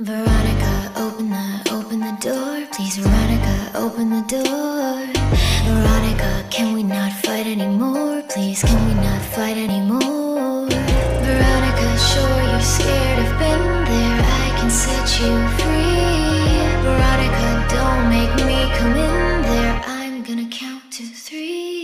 Veronica, open the, open the door Please, Veronica, open the door Veronica, can we not fight anymore? Please, can we not fight anymore? Veronica, sure you're scared, I've been there I can set you free Veronica, don't make me come in there I'm gonna count to three